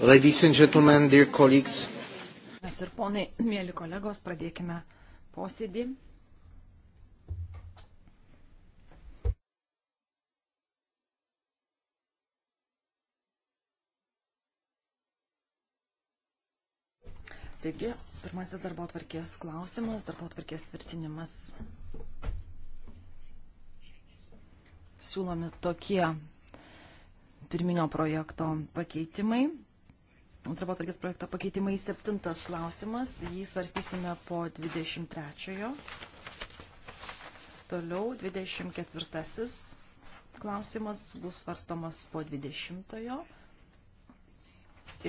Ladies and gentlemen, dear colleagues. Mes ir ponai, mėly kolegos, pradėkime posėdį. Taigi, pirmasis darbo atvarkės klausimas, darbo atvarkės tvirtinimas. Siūlomi tokie pirminio projekto pakeitimai. Darbo tvarkės projekto pakeitimai septintas klausimas. Jį svarstysime po 23-ojo. Toliau 24-asis klausimas bus svarstomas po 20-ojo.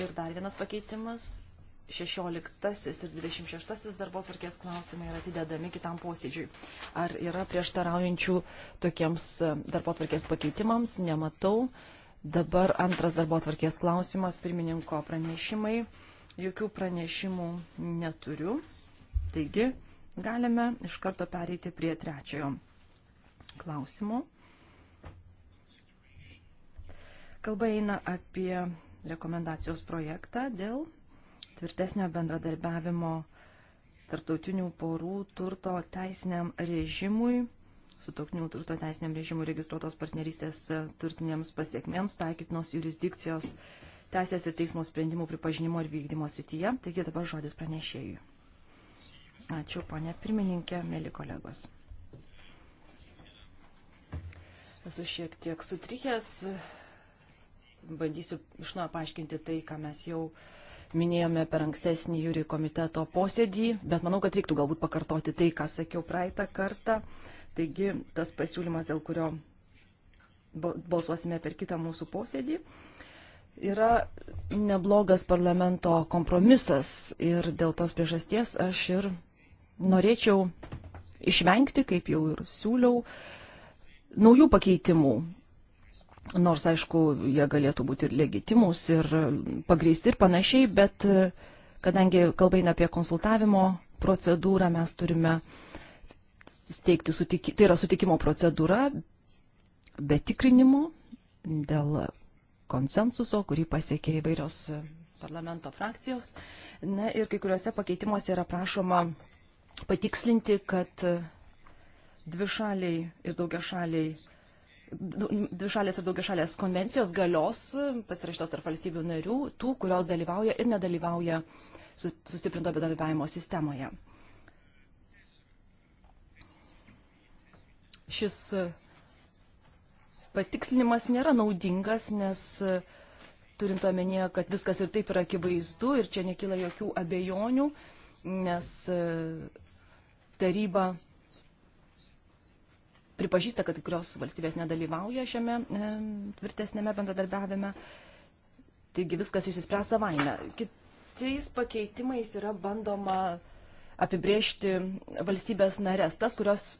Ir dar vienas pakeitimas 16 ir 26 darbo tvarkės klausimai yra atidedami kitam posėdžiui. Ar yra prieštaraujančių tokiems darbo tvarkės pakeitimams? Nematau. Dabar antras darbo atvarkės klausimas, pirmininko pranešimai. Jokių pranešimų neturiu. Taigi, galime iš karto pereiti prie trečiojo klausimo. Kalba eina apie rekomendacijos projektą dėl tvirtesnio bendradarbiavimo tarptautinių porų turto teisiniam režimui sutoktinių turto teisiniam režimui registruotos partnerystės e, turtinėms pasiekmėms taikytinos jurisdikcijos teisės ir teismo sprendimų pripažinimo ir vykdymo srityje. Taigi dabar žodis pranešėjui. Ačiū, ponė pirmininkė, mėly kolegos. Esu šiek tiek sutrikęs, bandysiu iš naujo paaiškinti tai, ką mes jau minėjome per ankstesnį jūrių komiteto posėdį, bet manau, kad reiktų galbūt pakartoti tai, ką sakiau praeitą kartą. Uh, Taigi tas pasiūlymas, dėl kurio balsuosime per kitą mūsų posėdį, yra neblogas parlamento kompromisas ir dėl tos priežasties aš ir norėčiau išvengti, kaip jau ir siūliau, naujų pakeitimų. Nors, aišku, jie galėtų būti ir legitimus, ir pagrįsti ir panašiai, bet kadangi kalba eina apie konsultavimo procedūrą, mes turime uh, steigti sutikimą, tai yra sutikimo procedūra be tikrinimų dėl konsensuso, kurį pasiekė įvairios parlamento frakcijos. Na ir kai kuriuose pakeitimuose yra prašoma patikslinti, kad dvi šaliai ir daugia šaliai dvišalės ir daugiašalės konvencijos galios pasirašytos tarp valstybių narių, tų, kurios dalyvauja ir nedalyvauja sustiprinto bedalyvavimo sistemoje. šis patikslinimas nėra naudingas, nes e, turint omenyje, kad viskas ir taip yra akivaizdu ir čia nekyla jokių abejonių, nes e, taryba pripažįsta, kad kurios valstybės nedalyvauja šiame e, tvirtesnėme bendradarbiavime. Taigi viskas išsispręs savaime. Kitais pakeitimais yra bandoma apibriežti valstybės narės, tas, kurios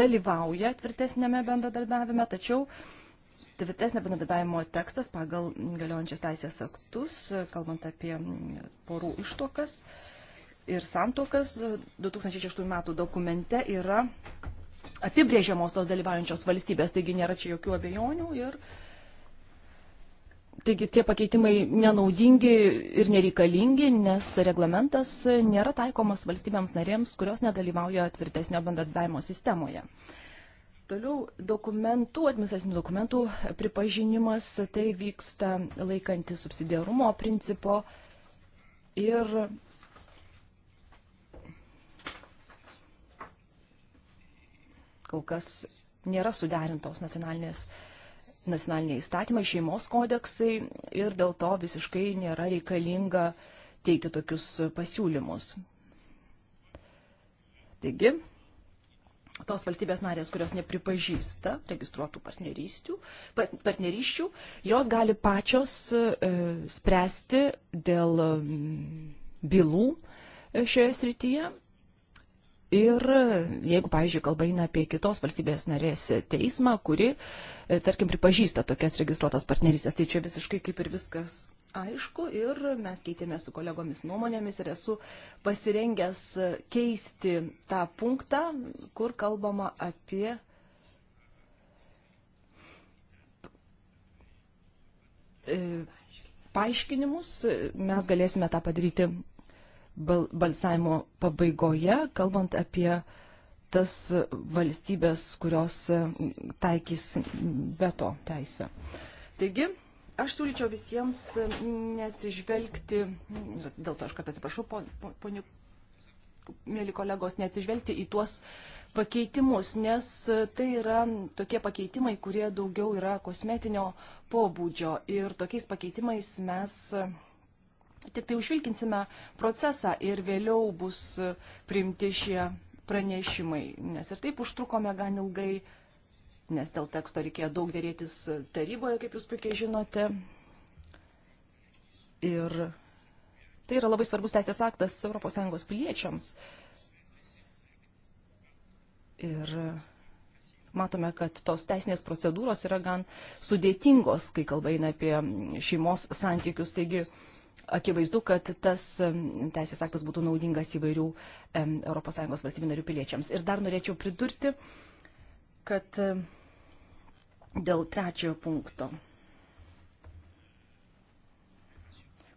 dalyvauja tvirtesnėme bendradarbiavime, tačiau tvirtesnio bendradarbiavimo tekstas pagal galiojančias teisės aktus, kalbant apie porų ištokas ir santokas, 2006 metų dokumente yra apibrėžiamos tos dalyvaujančios valstybės, taigi nėra čia jokių abejonių ir uh, Taigi tie pakeitimai nenaudingi ir nereikalingi, nes reglamentas nėra taikomas valstybėms narėms, kurios nedalyvauja tvirtesnio bendradarbiavimo sistemoje. Toliau dokumentų, administracinių dokumentų pripažinimas, tai vyksta laikantį subsidiarumo principo ir kol kas nėra suderintos nacionalinės uh, nacionaliniai įstatymai, šeimos kodeksai ir dėl to visiškai nėra reikalinga teikti tokius pasiūlymus. Taigi, tos valstybės narės, kurios nepripažįsta registruotų partnerysčių, partnerysčių jos gali pačios e, spręsti dėl bylų e, šioje srityje Ir jeigu, pavyzdžiui, kalba eina apie kitos valstybės narės teismą, kuri, e, tarkim, pripažįsta tokias registruotas partnerystės, tai čia visiškai kaip ir viskas aišku. Ir mes keitėme su kolegomis nuomonėmis ir esu pasirengęs keisti tą punktą, kur kalbama apie. E, paaiškinimus mes galėsime tą padaryti balsavimo pabaigoje, kalbant apie tas valstybės, kurios taikys veto teisę. Taigi, aš siūlyčiau visiems neatsižvelgti, dėl to aš kad atsiprašau, ponių, mėly kolegos, neatsižvelgti į tuos pakeitimus, nes tai yra tokie pakeitimai, kurie daugiau yra kosmetinio pobūdžio ir tokiais pakeitimais mes Tik tai užvilkinsime procesą ir vėliau bus e, priimti šie pranešimai, nes ir taip užtrukome gan ilgai, nes dėl teksto reikėjo daug dėrėtis e, taryboje, kaip jūs puikiai žinote. Ir tai yra labai svarbus teisės aktas ES piliečiams. Ir matome, kad tos teisinės procedūros yra gan sudėtingos, kai kalba eina apie šeimos santykius. Taigi, uh, akivaizdu, kad tas teisės aktas būtų naudingas įvairių ES valstybių narių piliečiams. Ir dar norėčiau pridurti, kad dėl trečiojo punkto,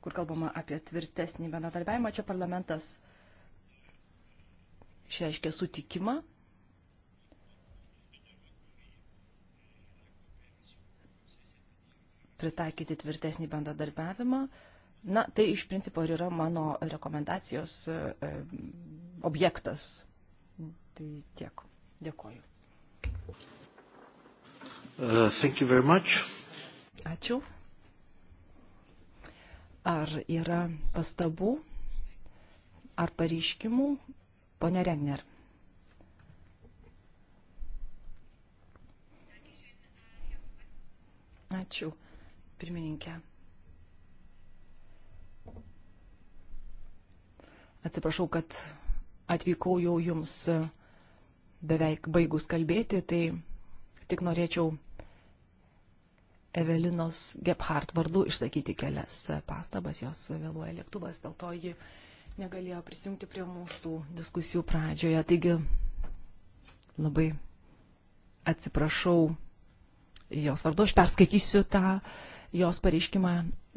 kur kalbama apie tvirtesnį bendradarbiavimą, čia parlamentas išreiškė sutikimą. pritaikyti tvirtesnį bendradarbiavimą, Na, tai iš principo ir yra mano rekomendacijos e, objektas. Tai tiek. Dėkoju. Uh, thank you very much. Ačiū. Ar yra pastabų ar pareiškimų? Pone Regner. Ačiū, pirmininkė. Atsiprašau, kad atvykau jau jums e, beveik baigus kalbėti, tai tik norėčiau Evelinos Gebhardt vardu išsakyti kelias pastabas, jos vėluoja lėktuvas, dėl to ji negalėjo prisijungti prie mūsų diskusijų pradžioje. Taigi labai atsiprašau jos vardu, aš perskaitysiu tą jos pareiškimą.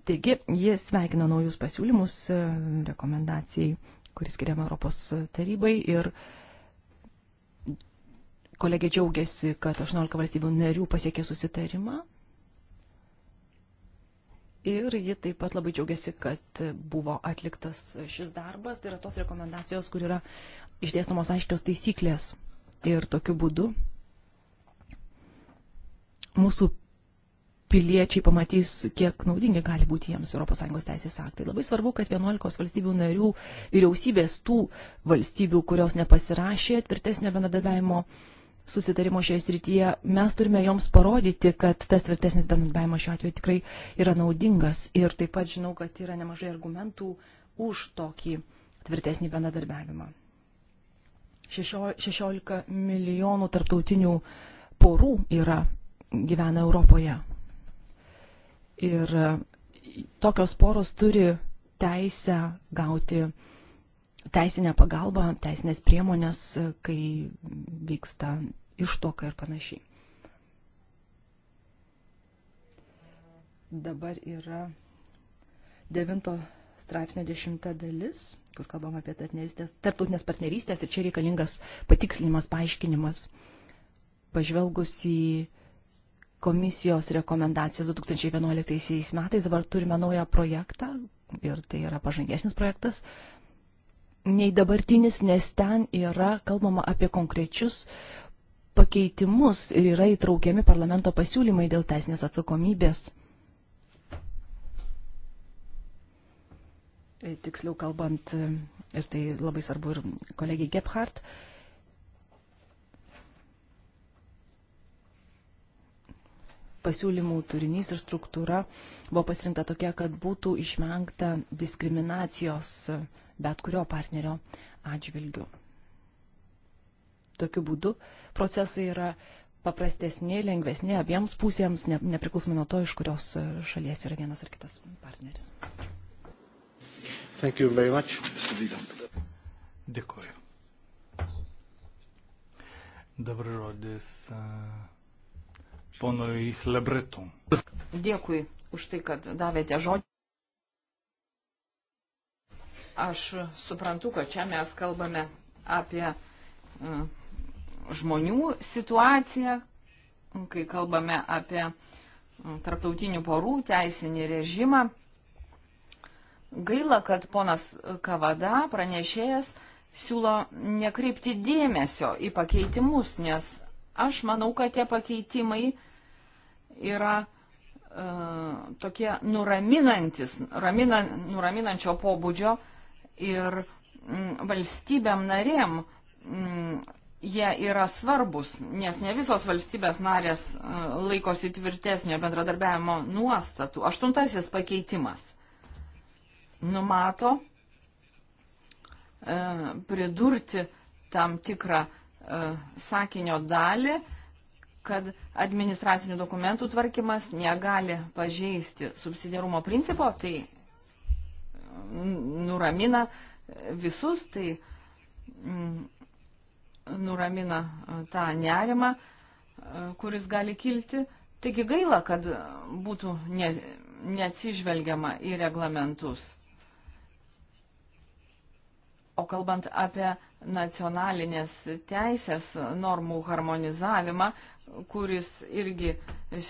Taigi, jis sveikina naujus pasiūlymus e, rekomendacijai kuris skiriama Europos tarybai ir kolegė džiaugiasi, kad 18 valstybių narių pasiekė susitarimą. Ir ji taip pat labai džiaugiasi, kad buvo atliktas šis darbas, tai yra tos rekomendacijos, kur yra išdėstomos aiškios taisyklės. Ir tokiu būdu mūsų piliečiai pamatys, kiek naudingi gali būti jiems ES teisės aktai. Labai svarbu, kad 11 valstybių narių vyriausybės tų valstybių, kurios nepasirašė tvirtesnio bendradarbiavimo susitarimo šioje srityje, mes turime joms parodyti, kad tas tvirtesnis bendradarbiavimas šiuo atveju tikrai yra naudingas. Ir taip pat žinau, kad yra nemažai argumentų už tokį tvirtesnį bendradarbiavimą. 16 milijonų tarptautinių porų yra gyvena Europoje Ir tokios poros turi teisę gauti teisinę pagalbą, teisinės priemonės, kai vyksta ištoka ir panašiai. Dabar yra 9 straipsnio 10 dalis, kur kalbam apie tarptautinės partnerystės ir čia reikalingas patikslinimas, paaiškinimas. Pažvelgus į komisijos rekomendacijas 2011 metais. Dabar turime naują projektą ir tai yra pažangesnis projektas nei dabartinis, nes ten yra kalbama apie konkrečius pakeitimus ir yra įtraukiami parlamento pasiūlymai dėl teisinės atsakomybės. Tiksliau kalbant, ir tai labai svarbu ir kolegiai Gebhardt, pasiūlymų turinys ir struktūra buvo pasirinkta tokia, kad būtų išvengta diskriminacijos bet kurio partnerio atžvilgių. Tokiu būdu procesai yra paprastesni, lengvesni abiems pusėms, ne, nepriklausomai nuo to, iš kurios šalies yra vienas ar kitas partneris. Dėkuoju. Dabar žodis. Uh ponui Lebreton. Dėkui už tai, kad davėte žodį. Aš suprantu, kad čia mes kalbame apie mm, žmonių situaciją, kai kalbame apie mm, tarptautinių porų teisinį režimą. Gaila, kad ponas Kavada, pranešėjas, siūlo nekreipti dėmesio į pakeitimus, nes Aš manau, kad tie pakeitimai yra uh, tokie nuraminantis, ramina, nuraminančio pobūdžio ir mm, valstybėm narėm mm, jie yra svarbus, nes ne visos valstybės narės uh, laikosi tvirtesnio bendradarbiavimo nuostatų. Aštuntasis pakeitimas numato uh, pridurti tam tikrą uh, E, sakinio dalį, kad administracinių dokumentų tvarkymas negali pažeisti subsidiarumo principo, tai nuramina visus, tai mm, nuramina e, tą nerimą, e, kuris gali kilti. Taigi gaila, kad būtų ne, neatsižvelgiama į reglamentus. O kalbant apie nacionalinės teisės normų harmonizavimą, kuris irgi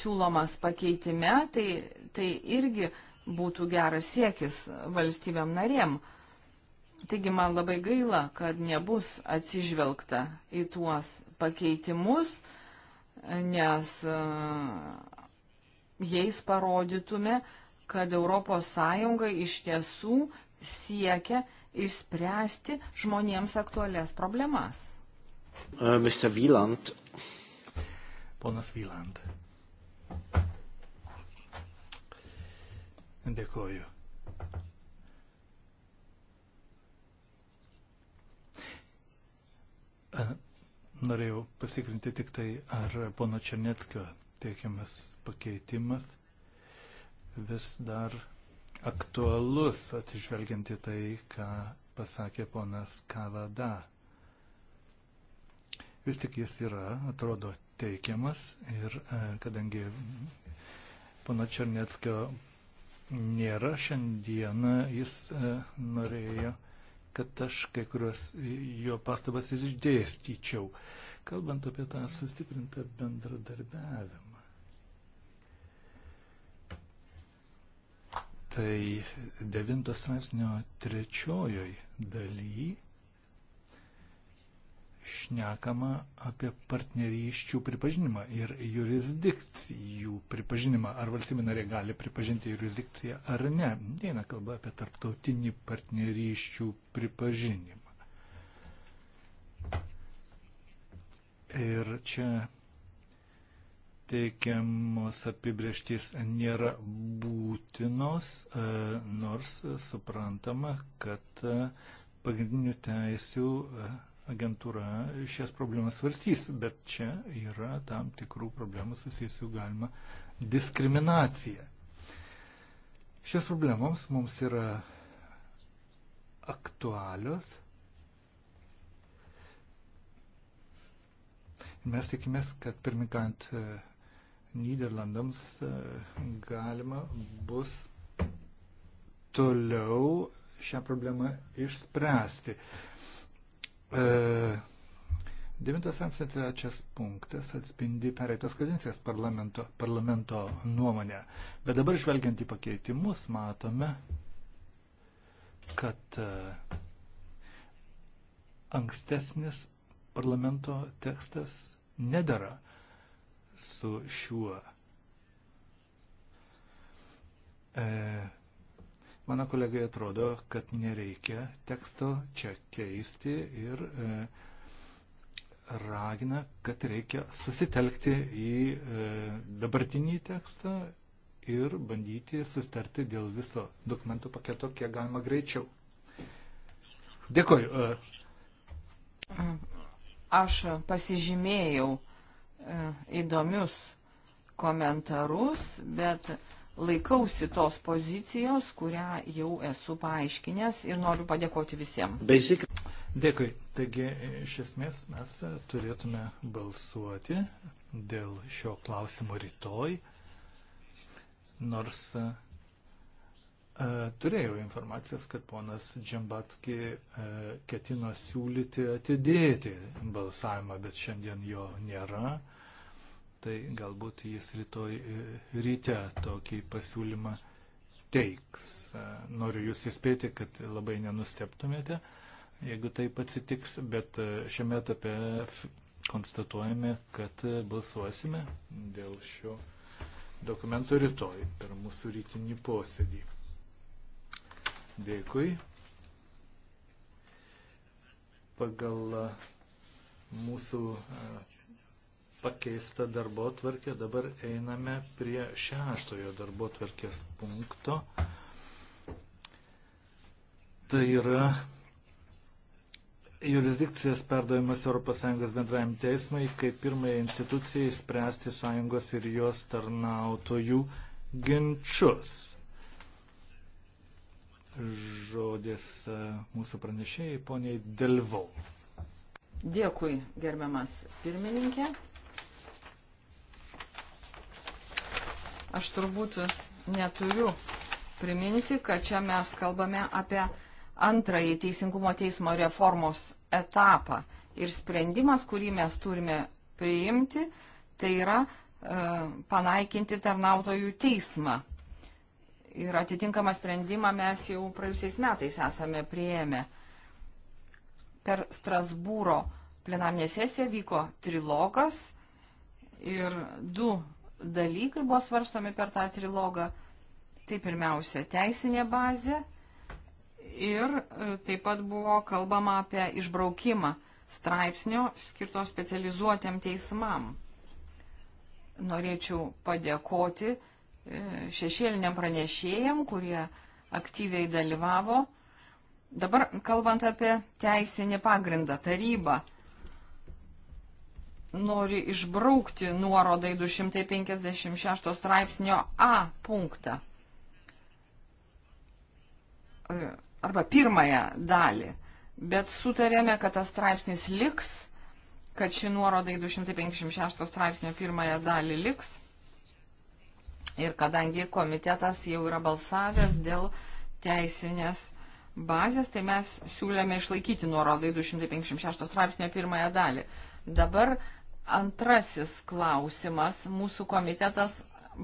siūlomas pakeitime, tai, tai irgi būtų geras siekis valstybėm narėm. Taigi man labai gaila, kad nebus atsižvelgta į tuos pakeitimus, nes e, jais parodytume, kad ES iš tiesų siekia išspręsti žmonėms aktualias problemas. Uh, Mr. Vyland. Ponas Vyland. Dėkoju. Norėjau pasikrinti tik tai, ar pono Černeckio teikiamas pakeitimas vis dar aktualus atsižvelgiant į tai, ką pasakė ponas Kavada. Vis tik jis yra, atrodo, teikiamas ir e, kadangi pono Černieckio nėra šiandieną, jis e, norėjo, kad aš kai kurios jo pastabas išdėstyčiau, kalbant apie tą sustiprintą bendradarbiavimą. tai devintas straipsnio trečiojoj daly šnekama apie partnerysčių pripažinimą ir jurisdikcijų pripažinimą. Ar valstybė narė gali pripažinti jurisdikciją ar ne. Eina kalba apie tarptautinį partnerysčių pripažinimą. Ir čia teikiamos apibrieštys nėra būtinos, e, nors suprantama, kad e, pagrindinių teisių e, agentūra šias problemas svarstys, bet čia yra tam tikrų problemų susijusių galima diskriminacija. Šios problemoms mums yra aktualios. Mes tikimės, kad pirmikant Niderlandams e, galima bus toliau šią problemą išspręsti. E, Devintas straipsnio trečias punktas atspindi pereitos kadencijos parlamento, parlamento nuomonę. Bet dabar žvelgiant į pakeitimus matome, kad e, ankstesnis parlamento tekstas nedara su šiuo. E, mano kolegai atrodo, kad nereikia teksto čia keisti ir e, ragina, kad reikia susitelkti į e, dabartinį tekstą ir bandyti sustarti dėl viso dokumentų paketo, kiek galima greičiau. Dėkoju. E. Aš pasižymėjau E, įdomius komentarus, bet laikausi tos pozicijos, kurią jau esu paaiškinęs ir noriu padėkoti visiems. Basic. Dėkui. Taigi, iš esmės, mes turėtume balsuoti dėl šio klausimo rytoj, nors a, e, turėjau informacijas, kad ponas Džambatski a, e, ketino siūlyti atidėti balsavimą, bet šiandien jo nėra. A, tai galbūt jis rytoj e, ryte tokį pasiūlymą teiks. E, noriu jūs įspėti, kad labai nenusteptumėte, jeigu taip atsitiks, bet e, šiame etape konstatuojame, kad balsuosime dėl šio dokumento rytoj per mūsų rytinį posėdį. Dėkui. Pagal mūsų pakeista darbo tvarkė. Dabar einame prie šeštojo darbo tvarkės punkto. Tai yra jurisdikcijas perdavimas ES bendrajam teismai kaip pirmąją instituciją įspręsti sąjungos ir jos tarnautojų ginčius. Žodis e, mūsų pranešėjai, poniai Delvau. Dėkui, gerbiamas pirmininkė. Aš turbūt neturiu priminti, kad čia mes kalbame apie antrąjį Teisingumo teismo reformos etapą. Ir sprendimas, kurį mes turime priimti, tai yra e, panaikinti tarnautojų teismą. Ir atitinkamą sprendimą mes jau praėjusiais metais esame prieėmę. Per Strasbūro plenarnė sesija vyko trilogas ir du dalykai buvo svarstomi per tą trilogą. Tai pirmiausia, teisinė bazė ir e, taip pat buvo kalbama apie išbraukimą straipsnio skirto specializuotėm teismam. Norėčiau padėkoti e, šešėliniam pranešėjam, kurie aktyviai dalyvavo. Dabar kalbant apie teisinį pagrindą, tarybą nori išbraukti nuorodai 256 straipsnio A punktą. E, arba pirmąją dalį. Bet sutarėme, kad tas straipsnis liks, kad ši nuoroda į 256 straipsnio pirmąją dalį liks. Ir kadangi komitetas jau yra balsavęs dėl teisinės bazės, tai mes siūlėme išlaikyti nuorodą į 256 straipsnio pirmąją dalį. Dabar uh, Antrasis klausimas. Mūsų komitetas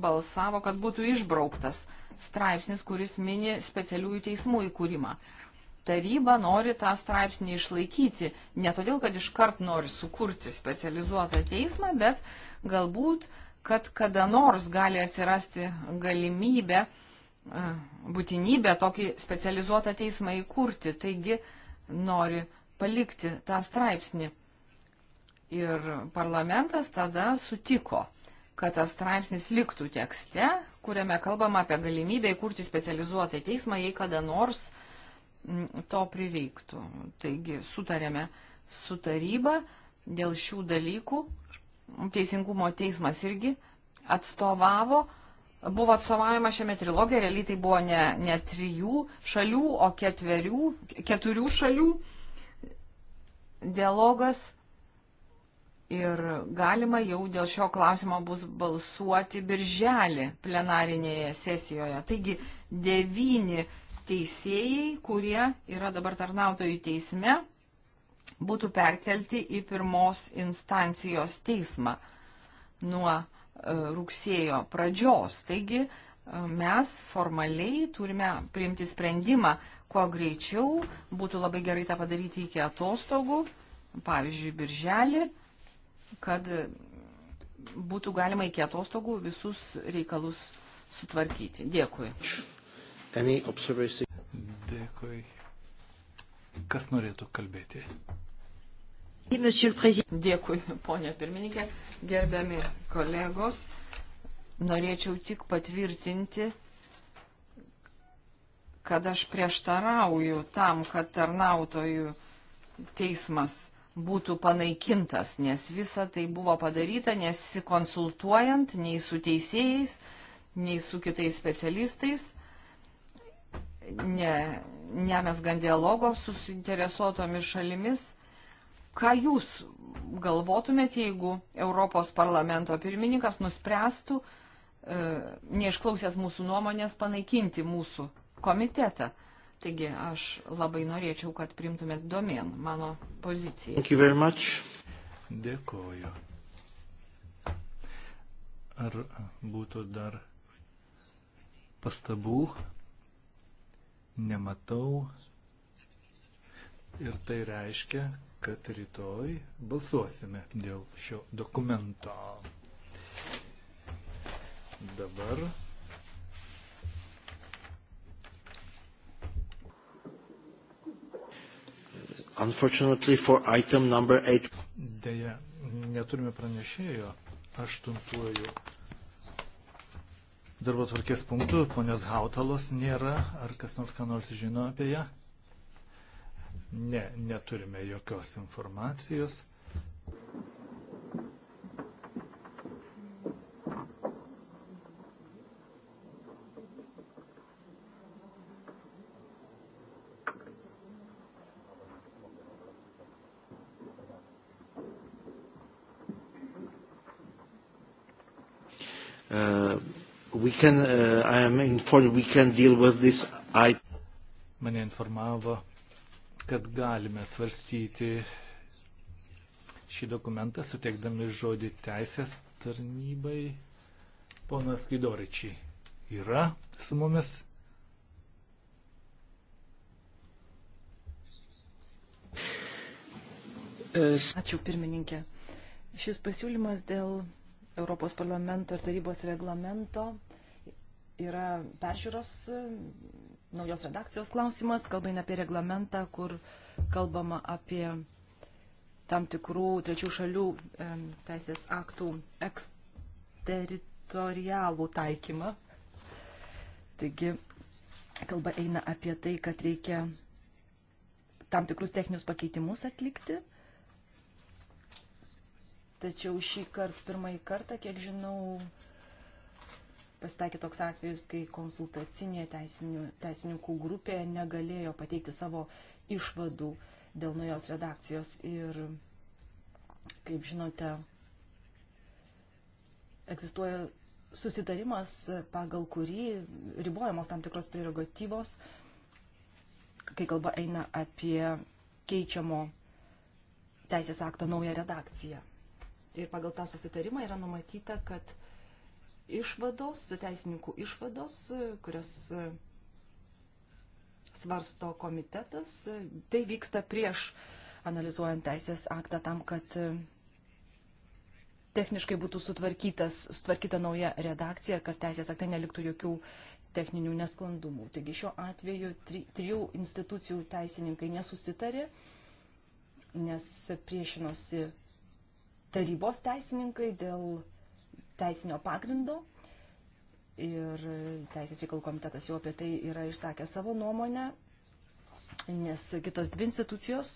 balsavo, kad būtų išbrauktas straipsnis, kuris mini specialiųjų teismų įkūrimą. Taryba nori tą straipsnį išlaikyti, ne todėl, kad iškart nori sukurti specializuotą teismą, bet galbūt, kad kada nors gali atsirasti galimybė, e, būtinybė tokį specializuotą teismą įkurti. Taigi nori palikti tą straipsnį. Ir parlamentas tada sutiko, kad tas straipsnis liktų tekste, kuriame kalbama apie galimybę įkurti specializuotą teismą, jei kada nors mm, to prireiktų. Taigi sutarėme su taryba dėl šių dalykų. Teisingumo teismas irgi atstovavo, buvo atstovavima šiame trilogija, realiai tai buvo ne, ne trijų šalių, o ketverių, keturių šalių dialogas Ir galima jau dėl šio klausimo bus balsuoti birželį plenarinėje sesijoje. Taigi devyni teisėjai, kurie yra dabar tarnautojų teisme, būtų perkelti į pirmos instancijos teismą nuo e, rugsėjo pradžios. Taigi e, mes formaliai turime priimti sprendimą, kuo greičiau būtų labai gerai tą padaryti iki atostogų, pavyzdžiui, birželį kad būtų galima iki atostogų visus reikalus sutvarkyti. Dėkui. Dėkui. Kas norėtų kalbėti? Dėkui, ponė pirmininkė, gerbiami kolegos. Norėčiau tik patvirtinti, kad aš prieštarauju tam, kad tarnautojų teismas būtų panaikintas, nes visa tai buvo padaryta nesikonsultuojant nei su teisėjais, nei su kitais specialistais, ne, nemesgant dialogo su suinteresuotomis šalimis. Ką jūs galvotumėte, jeigu Europos parlamento pirmininkas nuspręstų, e, neišklausęs mūsų nuomonės, panaikinti mūsų komitetą? Taigi aš labai norėčiau, kad primtumėt domen mano poziciją. Dėkoju. Ar būtų dar pastabų? Nematau. Ir tai reiškia, kad rytoj balsuosime dėl šio dokumento. Dabar Unfortunately for item number 8. Deja, neturime pranešėjo aštuntuoju darbo tvarkės punktu. Ponios Hautalos nėra. Ar kas nors ką nors žino apie ją? Ne, neturime jokios informacijos. can, uh, I am informed we can deal with this item. Mane informavo, kad galime svarstyti šį dokumentą, suteikdami žodį teisės tarnybai. Ponas Gidoričiai yra su mumis. Ačiū pirmininkė. Šis pasiūlymas dėl Europos parlamento ir tarybos reglamento yra peržiūros naujos redakcijos klausimas, kalbant apie reglamentą, kur kalbama apie tam tikrų trečių šalių teisės aktų eksteritorialų taikymą. Taigi, kalba eina apie tai, kad reikia tam tikrus techninius pakeitimus atlikti. Tačiau šį kartą, pirmąjį kartą, kiek žinau, pasitaikė toks atvejis, kai konsultacinė teisinių, teisininkų grupė negalėjo pateikti savo išvadų dėl naujos redakcijos. Ir, kaip žinote, egzistuoja susitarimas, pagal kurį ribojamos tam tikros prerogatyvos, kai kalba eina apie keičiamo teisės akto naują redakciją. Ir pagal tą susitarimą yra numatyta, kad išvados, teisininkų išvados, kurias e, svarsto komitetas. Tai vyksta prieš analizuojant teisės aktą tam, kad e, techniškai būtų sutvarkyta nauja redakcija, kad teisės aktai neliktų jokių techninių nesklandumų. Taigi šiuo atveju tri, trijų institucijų teisininkai nesusitarė, nes priešinosi tarybos teisininkai dėl teisinio pagrindo. Ir Teisės reikalų komitetas jau apie tai yra išsakę savo nuomonę, nes kitos dvi institucijos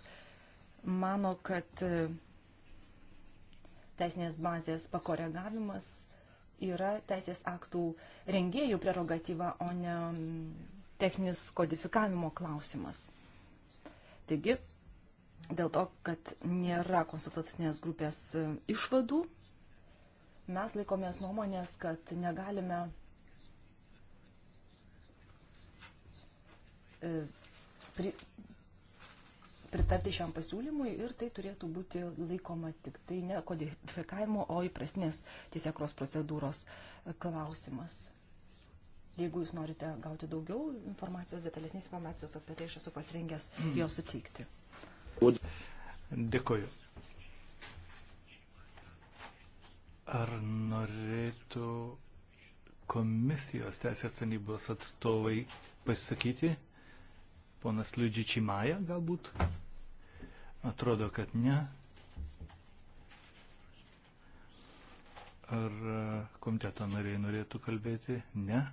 mano, kad e, teisinės bazės pakoregavimas yra teisės aktų rengėjų prerogatyva, o ne techninis kodifikavimo klausimas. Taigi, dėl to, kad nėra konsultacinės grupės e, išvadų, Mes laikomės nuomonės, kad negalime e, pri, pritarti šiam pasiūlymui ir tai turėtų būti laikoma tik tai ne kodifikavimo, o įprasnės tiesiekros procedūros e, klausimas. Jeigu jūs norite gauti daugiau informacijos, detalesnės informacijos apie tai, aš esu pasirengęs jo suteikti. Dėkuoju. Ar norėtų komisijos teisės tarnybos atstovai pasisakyti? Ponas Liudžičiai Maja galbūt? Atrodo, kad ne. Ar e, komiteto nariai norėtų kalbėti? Ne.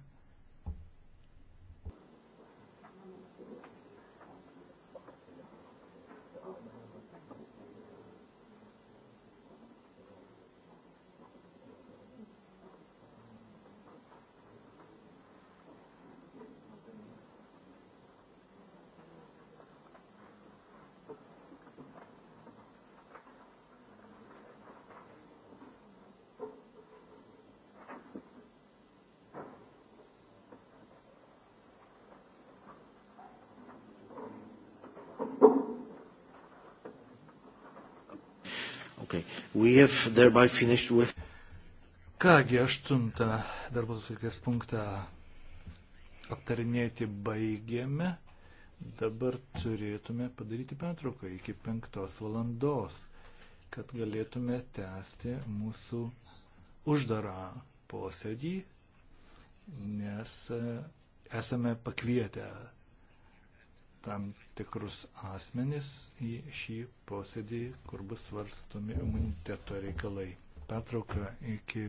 Okay. With... Kągi, aštuntą darbos atvirkės punktą aptarinėti baigėme. Dabar turėtume padaryti pertrauką iki penktos valandos, kad galėtume tęsti mūsų uždarą posėdį, nes e, esame pakvietę tam tikrus asmenis į šį posėdį, kur bus svarstomi imuniteto reikalai. Petrauka iki.